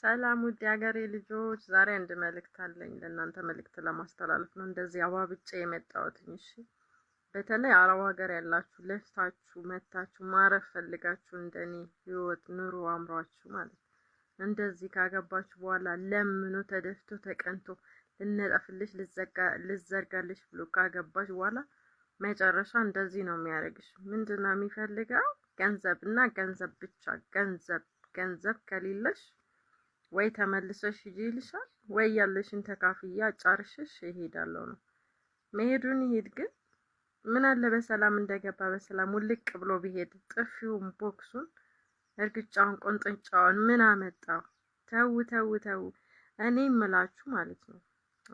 ሰላም ውድ የሀገሬ ልጆች፣ ዛሬ አንድ መልእክት አለኝ ለእናንተ መልእክት ለማስተላለፍ ነው። እንደዚህ አባብጬ የመጣሁት እሺ። በተለይ አረብ ሀገር ያላችሁ ለፍታችሁ መታችሁ ማረፍ ፈልጋችሁ እንደኔ ህይወት ኑሮ አምሯችሁ ማለት ነው። እንደዚህ ካገባችሁ በኋላ ለምኖ ተደፍቶ ተቀንቶ ልነጠፍልሽ ልዘርጋልሽ ብሎ ካገባች በኋላ መጨረሻ እንደዚህ ነው የሚያደርግሽ። ምንድን ነው የሚፈልገው? ገንዘብ እና ገንዘብ ብቻ። ገንዘብ ገንዘብ ከሌለሽ ወይ ተመልሰሽ ሂጂ ይልሻል፣ ወይ ያለሽን ተካፍያ አጫርሽሽ ይሄዳለሁ ነው። መሄዱን ይሄድ ግን ምን አለ በሰላም እንደገባ በሰላም ውልቅ ብሎ ቢሄድ ጥፊውን፣ ቦክሱን፣ እርግጫውን፣ ቆንጥንጫውን ምን አመጣው? ተው ተው ተው። እኔ ምላችሁ ማለት ነው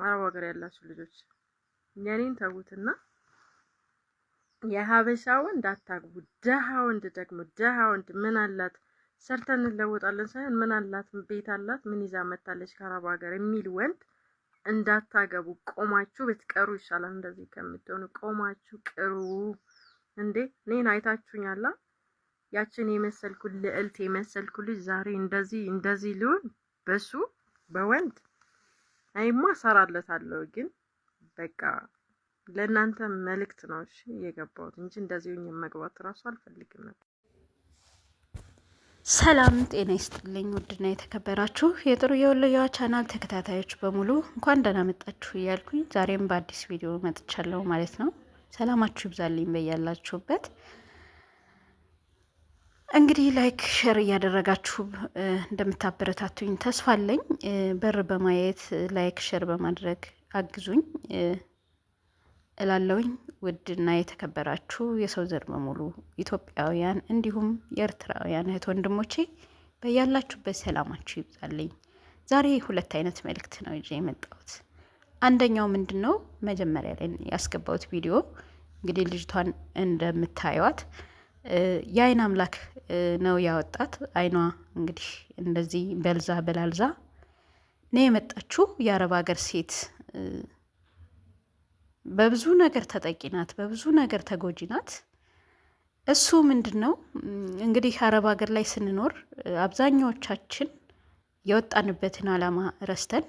አረብ ሀገር ያላችሁ ልጆች የኔን ተዉትና የሀበሻ ወንድ አታግቡ። ደሃ ወንድ ደግሞ ደሃ ወንድ ምን አላት ሰርተን እንለወጣለን ሳይሆን ምን አላት ቤት አላት ምን ይዛ መታለች ከአረብ ሀገር የሚል ወንድ እንዳታገቡ። ቆማችሁ ብትቀሩ ይሻላል እንደዚህ ከምትሆኑ። ቆማችሁ ቅሩ እንዴ! እኔን አይታችሁኛላ። ያችን የመሰልኩ ልዕልት የመሰልኩ ልጅ ዛሬ እንደዚህ እንደዚህ ሊሆን በሱ በወንድ አይማ ሰራለታለሁ። ግን በቃ ለእናንተ መልእክት ነው እሺ፣ የገባሁት እንጂ እንደዚህ መግባት እራሱ አልፈልግም ነበር። ሰላም ጤና ይስጥልኝ። ውድና የተከበራችሁ የጥሩ የወለያዋ ቻናል ተከታታዮች በሙሉ እንኳን ደህና መጣችሁ እያልኩኝ ዛሬም በአዲስ ቪዲዮ መጥቻለሁ ማለት ነው። ሰላማችሁ ይብዛልኝ በያላችሁበት። እንግዲህ ላይክ፣ ሸር እያደረጋችሁ እንደምታበረታቱኝ ተስፋ አለኝ። በር በማየት ላይክ፣ ሸር በማድረግ አግዙኝ። እላለውኝ ውድና የተከበራችሁ የሰው ዘር በሙሉ ኢትዮጵያውያን እንዲሁም የኤርትራውያን እህት ወንድሞቼ በያላችሁበት ሰላማችሁ ይብዛልኝ። ዛሬ ሁለት አይነት መልእክት ነው ይዤ የመጣሁት። አንደኛው ምንድን ነው መጀመሪያ ላይ ያስገባሁት ቪዲዮ እንግዲህ ልጅቷን እንደምታዩዋት የአይን አምላክ ነው ያወጣት። አይኗ እንግዲህ እንደዚህ በልዛ በላልዛ ነው የመጣችሁ የአረብ ሀገር ሴት በብዙ ነገር ተጠቂ ናት፣ በብዙ ነገር ተጎጂ ናት። እሱ ምንድን ነው እንግዲህ አረብ ሀገር ላይ ስንኖር አብዛኛዎቻችን የወጣንበትን ዓላማ ረስተን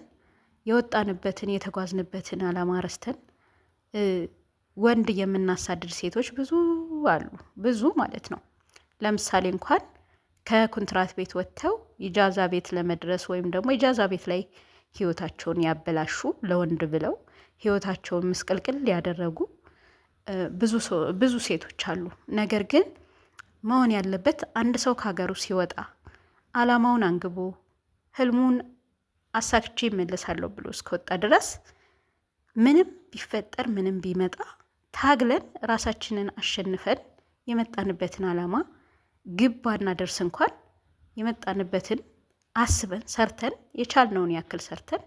የወጣንበትን የተጓዝንበትን ዓላማ ረስተን ወንድ የምናሳድድ ሴቶች ብዙ አሉ፣ ብዙ ማለት ነው። ለምሳሌ እንኳን ከኩንትራት ቤት ወጥተው ኢጃዛ ቤት ለመድረስ ወይም ደግሞ ኢጃዛ ቤት ላይ ህይወታቸውን ያበላሹ ለወንድ ብለው ህይወታቸውን ምስቅልቅል ያደረጉ ብዙ ሴቶች አሉ። ነገር ግን መሆን ያለበት አንድ ሰው ከሀገሩ ሲወጣ አላማውን አንግቦ ህልሙን አሳክቼ ይመለሳለሁ ብሎ እስከወጣ ድረስ ምንም ቢፈጠር ምንም ቢመጣ ታግለን ራሳችንን አሸንፈን የመጣንበትን አላማ ግብ ባናደርስ እንኳን የመጣንበትን አስበን ሰርተን የቻልነውን ያክል ሰርተን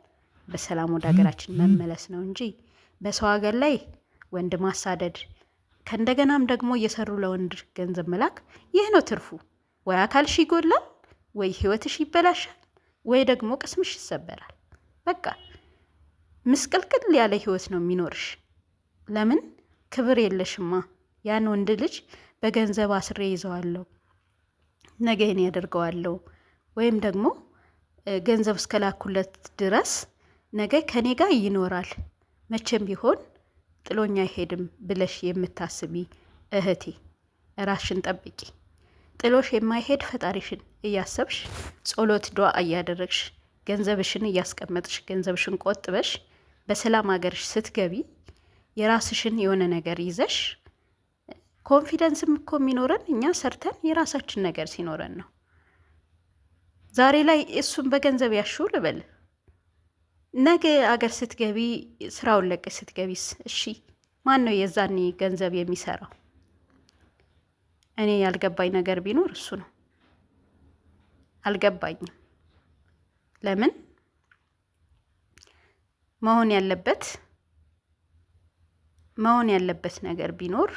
በሰላም ወደ ሀገራችን መመለስ ነው እንጂ በሰው ሀገር ላይ ወንድ ማሳደድ ከእንደገናም ደግሞ እየሰሩ ለወንድ ገንዘብ መላክ ይህ ነው ትርፉ። ወይ አካልሽ ይጎላል፣ ወይ ህይወትሽ ይበላሻል፣ ወይ ደግሞ ቅስምሽ ይሰበራል። በቃ ምስቅልቅል ያለ ህይወት ነው የሚኖርሽ። ለምን ክብር የለሽማ። ያን ወንድ ልጅ በገንዘብ አስሬ ይዘዋለሁ፣ ነገን ያደርገዋለሁ ወይም ደግሞ ገንዘብ እስከላኩለት ድረስ ነገ ከኔ ጋር ይኖራል መቼም ቢሆን ጥሎኛ አይሄድም ብለሽ የምታስቢ እህቴ ራስሽን ጠብቂ። ጥሎሽ የማይሄድ ፈጣሪሽን እያሰብሽ ጸሎት፣ ዱዓ እያደረግሽ ገንዘብሽን እያስቀመጥሽ ገንዘብሽን ቆጥበሽ በሰላም ሀገርሽ ስትገቢ የራስሽን የሆነ ነገር ይዘሽ ኮንፊደንስም እኮ የሚኖረን እኛ ሰርተን የራሳችን ነገር ሲኖረን ነው። ዛሬ ላይ እሱን በገንዘብ ያሹ ልበል ነገ አገር ስትገቢ ስራውን ለቀ ስትገቢስ፣ እሺ ማን ነው የዛኔ ገንዘብ የሚሰራው? እኔ ያልገባኝ ነገር ቢኖር እሱ ነው። አልገባኝም። ለምን መሆን ያለበት መሆን ያለበት ነገር ቢኖር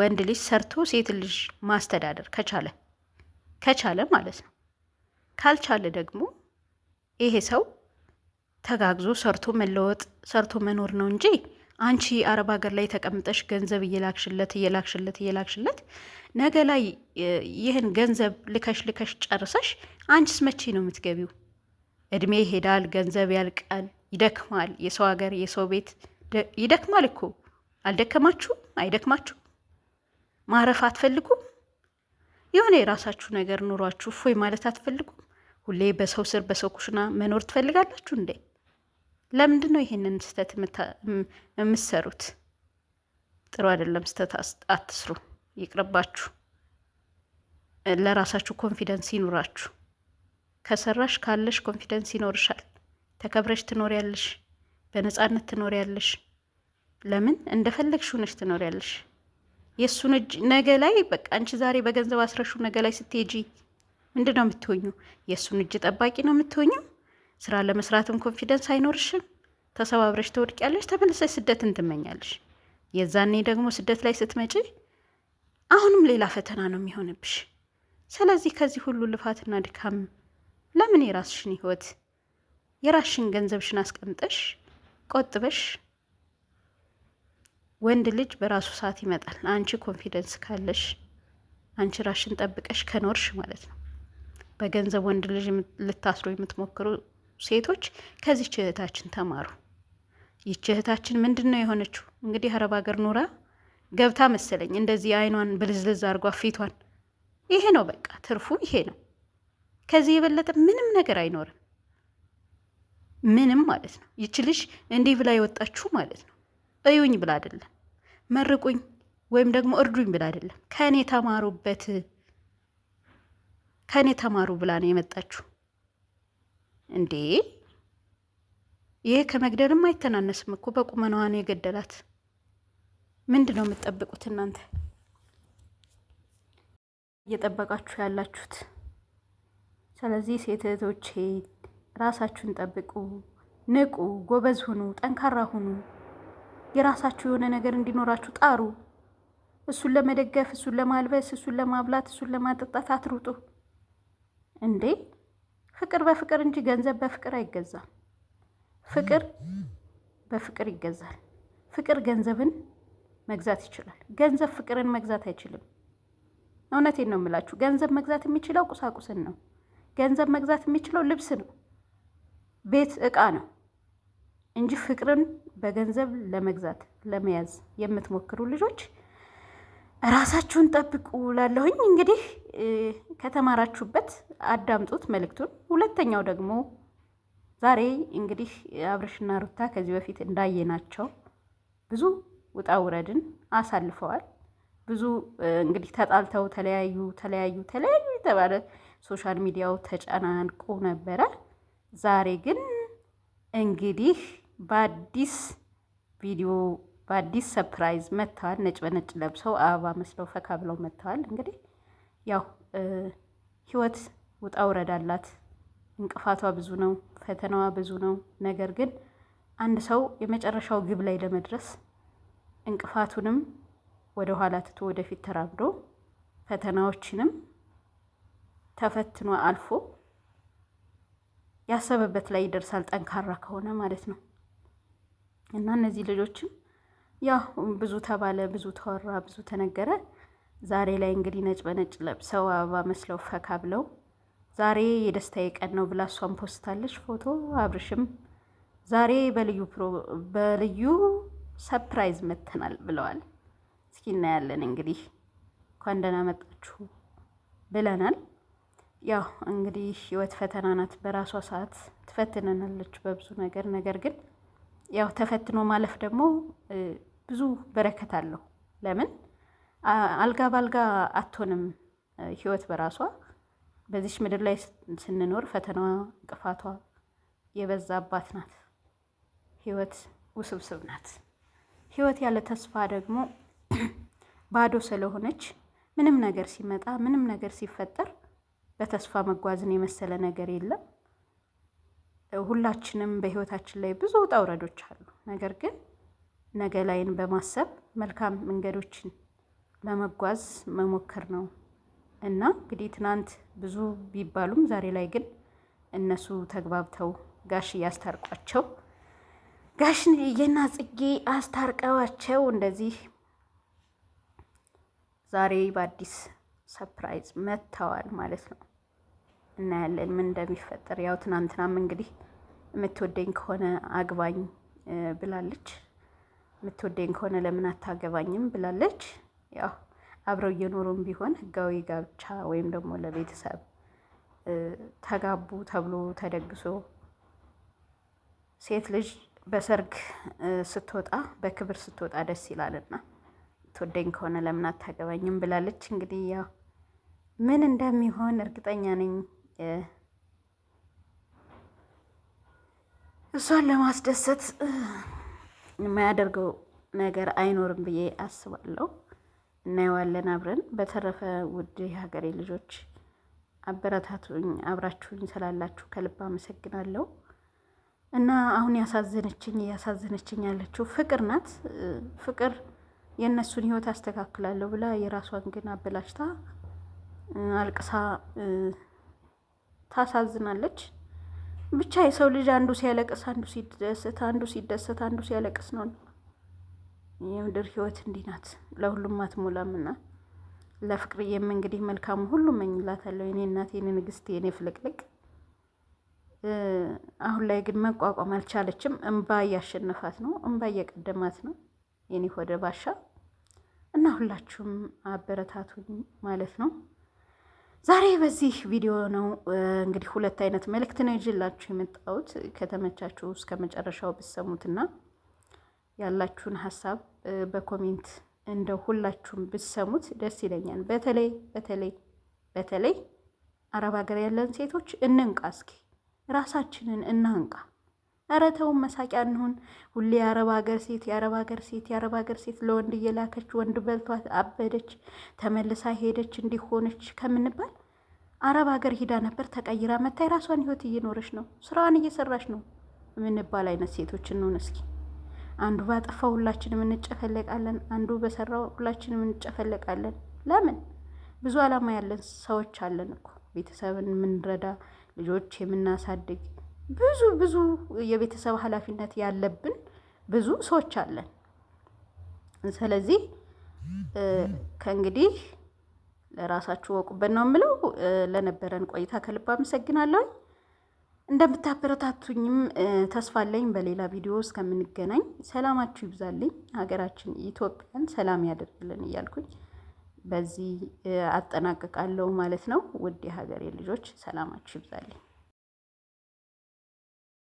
ወንድ ልጅ ሰርቶ ሴት ልጅ ማስተዳደር ከቻለ ከቻለ ማለት ነው ካልቻለ ደግሞ ይሄ ሰው ተጋግዞ ሰርቶ መለወጥ ሰርቶ መኖር ነው እንጂ አንቺ አረብ ሀገር ላይ ተቀምጠሽ ገንዘብ እየላክሽለት እየላክሽለት እየላክሽለት ነገ ላይ ይህን ገንዘብ ልከሽ ልከሽ ጨርሰሽ አንቺስ መቼ ነው የምትገቢው? እድሜ ይሄዳል፣ ገንዘብ ያልቃል፣ ይደክማል። የሰው ሀገር የሰው ቤት ይደክማል እኮ አልደከማችሁም? አይደክማችሁም? ማረፍ አትፈልጉም? የሆነ የራሳችሁ ነገር ኑሯችሁ እፎይ ማለት አትፈልጉም? ሁሌ በሰው ስር በሰው ኩሽና መኖር ትፈልጋላችሁ እንዴ? ለምንድን ነው ይሄንን ስህተት የምትሰሩት? ጥሩ አይደለም። ስህተት አትስሩ፣ ይቅርባችሁ። ለራሳችሁ ኮንፊደንስ ይኑራችሁ። ከሰራሽ ካለሽ ኮንፊደንስ ይኖርሻል። ተከብረሽ ትኖሪያለሽ፣ በነፃነት ትኖሪያለሽ። ለምን እንደፈለግሽ ሆነሽ ትኖሪያለሽ። የእሱን እጅ ነገ ላይ በቃ አንቺ ዛሬ በገንዘብ አስረሹ ነገ ላይ ስትሄጂ ምንድን ነው የምትሆኙ? የእሱን እጅ ጠባቂ ነው የምትሆኙ? ስራ ለመስራትም ኮንፊደንስ አይኖርሽም። ተሰባብረሽ ትወድቂያለሽ። ተመልሰሽ ስደትን ትመኛለሽ። የዛኔ ደግሞ ስደት ላይ ስትመጪ አሁንም ሌላ ፈተና ነው የሚሆንብሽ። ስለዚህ ከዚህ ሁሉ ልፋትና ድካም ለምን የራስሽን ህይወት የራስሽን ገንዘብሽን አስቀምጠሽ ቆጥበሽ ወንድ ልጅ በራሱ ሰዓት ይመጣል። አንቺ ኮንፊደንስ ካለሽ አንቺ ራሽን ጠብቀሽ ከኖርሽ ማለት ነው። በገንዘብ ወንድ ልጅ ልታስሩ የምትሞክሩ ሴቶች ከዚች እህታችን ተማሩ። ይች እህታችን ምንድን ነው የሆነችው? እንግዲህ አረብ ሀገር ኑራ ገብታ መሰለኝ እንደዚህ አይኗን ብልዝልዝ አድርጓ ፊቷን። ይሄ ነው በቃ ትርፉ ይሄ ነው። ከዚህ የበለጠ ምንም ነገር አይኖርም። ምንም ማለት ነው። ይች ልጅ እንዲህ ብላ የወጣችሁ ማለት ነው እዩኝ ብላ አይደለም፣ መርቁኝ ወይም ደግሞ እርዱኝ ብላ አይደለም። ከእኔ ተማሩበት ከእኔ ተማሩ ብላ ነው የመጣችሁ። እንዴ ይህ ከመግደልም አይተናነስም እኮ በቁመናዋ ነው የገደላት። ምንድን ነው የምትጠብቁት እናንተ? እየጠበቃችሁ ያላችሁት። ስለዚህ ሴት እህቶቼ ራሳችሁን ጠብቁ፣ ንቁ፣ ጎበዝ ሁኑ፣ ጠንካራ ሁኑ። የራሳችሁ የሆነ ነገር እንዲኖራችሁ ጣሩ። እሱን ለመደገፍ፣ እሱን ለማልበስ፣ እሱን ለማብላት፣ እሱን ለማጠጣት አትሩጡ እንዴ ፍቅር በፍቅር እንጂ ገንዘብ በፍቅር አይገዛም። ፍቅር በፍቅር ይገዛል። ፍቅር ገንዘብን መግዛት ይችላል። ገንዘብ ፍቅርን መግዛት አይችልም። እውነቴን ነው የምላችሁ። ገንዘብ መግዛት የሚችለው ቁሳቁስን ነው። ገንዘብ መግዛት የሚችለው ልብስ ነው፣ ቤት እቃ ነው እንጂ ፍቅርን በገንዘብ ለመግዛት ለመያዝ የምትሞክሩ ልጆች ራሳችሁን ጠብቁ ላለሁኝ እንግዲህ ከተማራችሁበት አዳምጡት መልእክቱን። ሁለተኛው ደግሞ ዛሬ እንግዲህ አብርሽና ሩታ ከዚህ በፊት እንዳየናቸው ብዙ ውጣ ውረድን አሳልፈዋል። ብዙ እንግዲህ ተጣልተው ተለያዩ ተለያዩ ተለያዩ የተባለ ሶሻል ሚዲያው ተጨናንቆ ነበረ። ዛሬ ግን እንግዲህ በአዲስ ቪዲዮ በአዲስ ሰፕራይዝ መጥተዋል። ነጭ በነጭ ለብሰው አበባ መስለው ፈካ ብለው መጥተዋል። እንግዲህ ያው ህይወት ውጣ ውረድ አላት። እንቅፋቷ ብዙ ነው፣ ፈተናዋ ብዙ ነው። ነገር ግን አንድ ሰው የመጨረሻው ግብ ላይ ለመድረስ እንቅፋቱንም ወደ ኋላ ትቶ ወደፊት ተራምዶ ፈተናዎችንም ተፈትኖ አልፎ ያሰበበት ላይ ይደርሳል፣ ጠንካራ ከሆነ ማለት ነው። እና እነዚህ ልጆችም ያው ብዙ ተባለ፣ ብዙ ተወራ፣ ብዙ ተነገረ። ዛሬ ላይ እንግዲህ ነጭ በነጭ ለብሰው አበባ መስለው ፈካ ብለው ዛሬ የደስታዬ ቀን ነው ብላ እሷን ፖስታለች ፎቶ። አብርሽም ዛሬ በልዩ በልዩ ሰፕራይዝ መተናል ብለዋል። እስኪ እናያለን እንግዲህ እንኳን ደህና መጣችሁ ብለናል። ያው እንግዲህ ህይወት ፈተና ናት። በራሷ ሰዓት ትፈትነናለች በብዙ ነገር። ነገር ግን ያው ተፈትኖ ማለፍ ደግሞ ብዙ በረከት አለው። ለምን አልጋ በአልጋ አትሆንም ህይወት በራሷ በዚች ምድር ላይ ስንኖር ፈተናዋ እንቅፋቷ የበዛባት ናት። ህይወት ውስብስብ ናት። ህይወት ያለ ተስፋ ደግሞ ባዶ ስለሆነች ምንም ነገር ሲመጣ ምንም ነገር ሲፈጠር በተስፋ መጓዝን የመሰለ ነገር የለም። ሁላችንም በህይወታችን ላይ ብዙ ውጣ ውረዶች አሉ። ነገር ግን ነገ ላይን በማሰብ መልካም መንገዶችን ለመጓዝ መሞከር ነው እና እንግዲህ ትናንት ብዙ ቢባሉም ዛሬ ላይ ግን እነሱ ተግባብተው ጋሽ እያስታርቋቸው ጋሽን የና ጽጌ አስታርቀዋቸው እንደዚህ ዛሬ በአዲስ ሰፕራይዝ መጥተዋል ማለት ነው። እናያለን ምን እንደሚፈጠር። ያው ትናንትናም እንግዲህ የምትወደኝ ከሆነ አግባኝ ብላለች። የምትወደኝ ከሆነ ለምን አታገባኝም ብላለች። ያው አብረው እየኖሩም ቢሆን ህጋዊ ጋብቻ ወይም ደግሞ ለቤተሰብ ተጋቡ ተብሎ ተደግሶ ሴት ልጅ በሰርግ ስትወጣ በክብር ስትወጣ ደስ ይላልና ትወደኝ ከሆነ ለምን አታገባኝም ብላለች። እንግዲህ ያው ምን እንደሚሆን እርግጠኛ ነኝ እሷን ለማስደሰት የማያደርገው ነገር አይኖርም ብዬ አስባለሁ። እናየዋለን አብረን። በተረፈ ውድ የሀገሬ ልጆች አበረታቱኝ፣ አብራችሁኝ ስላላችሁ ከልብ አመሰግናለሁ። እና አሁን ያሳዘነችኝ እያሳዘነችኝ ያለችው ፍቅር ናት። ፍቅር የእነሱን ህይወት አስተካክላለሁ ብላ የራሷን ግን አበላሽታ አልቅሳ ታሳዝናለች። ብቻ የሰው ልጅ አንዱ ሲያለቅስ አንዱ ሲደሰት አንዱ ሲደሰት አንዱ ሲያለቅስ ነው። የምድር ህይወት እንዲህ ናት፣ ለሁሉም አትሞላምና ለፍቅርዬም እንግዲህ መልካሙ ሁሉ እመኝላታለሁ። የኔ እናት፣ የኔ ንግስት፣ የኔ ፍልቅልቅ። አሁን ላይ ግን መቋቋም አልቻለችም። እምባ እያሸነፋት ነው፣ እንባ እየቀደማት ነው የኔ ሆደ ባሻ እና ሁላችሁም አበረታቱኝ ማለት ነው። ዛሬ በዚህ ቪዲዮ ነው እንግዲህ ሁለት አይነት መልእክት ነው ይዤላችሁ የመጣሁት። ከተመቻችሁ እስከ መጨረሻው ብሰሙትና ያላችሁን ሀሳብ በኮሜንት እንደ ሁላችሁም ብሰሙት ደስ ይለኛል። በተለይ በተለይ በተለይ አረብ ሀገር ያለን ሴቶች እንንቃ፣ እስኪ ራሳችንን እናንቃ። ኧረ ተውን መሳቂያ እንሁን። ሁሌ የአረብ ሀገር ሴት የአረብ ሀገር ሴት የአረብ ሀገር ሴት ለወንድ እየላከች ወንድ በልቷት አበደች፣ ተመልሳ ሄደች፣ እንዲሆነች ከምንባል አረብ ሀገር ሂዳ ነበር ተቀይራ መታ የራሷን ህይወት እየኖረች ነው፣ ስራዋን እየሰራች ነው የምንባል አይነት ሴቶች እንሆን እስኪ። አንዱ ባጠፋው ሁላችንም እንጨፈለቃለን፣ አንዱ በሰራው ሁላችንም እንጨፈለቃለን። ለምን? ብዙ አላማ ያለን ሰዎች አለን እኮ ቤተሰብን የምንረዳ ልጆች የምናሳድግ ብዙ ብዙ የቤተሰብ ኃላፊነት ያለብን ብዙ ሰዎች አለን። ስለዚህ ከእንግዲህ ለራሳችሁ ወቁበት ነው የምለው። ለነበረን ቆይታ ከልብ አመሰግናለሁ። እንደምታበረታቱኝም ተስፋ አለኝ። በሌላ ቪዲዮ እስከምንገናኝ ሰላማችሁ ይብዛልኝ። ሀገራችን ኢትዮጵያን ሰላም ያደርግልን እያልኩኝ በዚህ አጠናቅቃለሁ ማለት ነው። ውድ የሀገሬ ልጆች ሰላማችሁ ይብዛልኝ።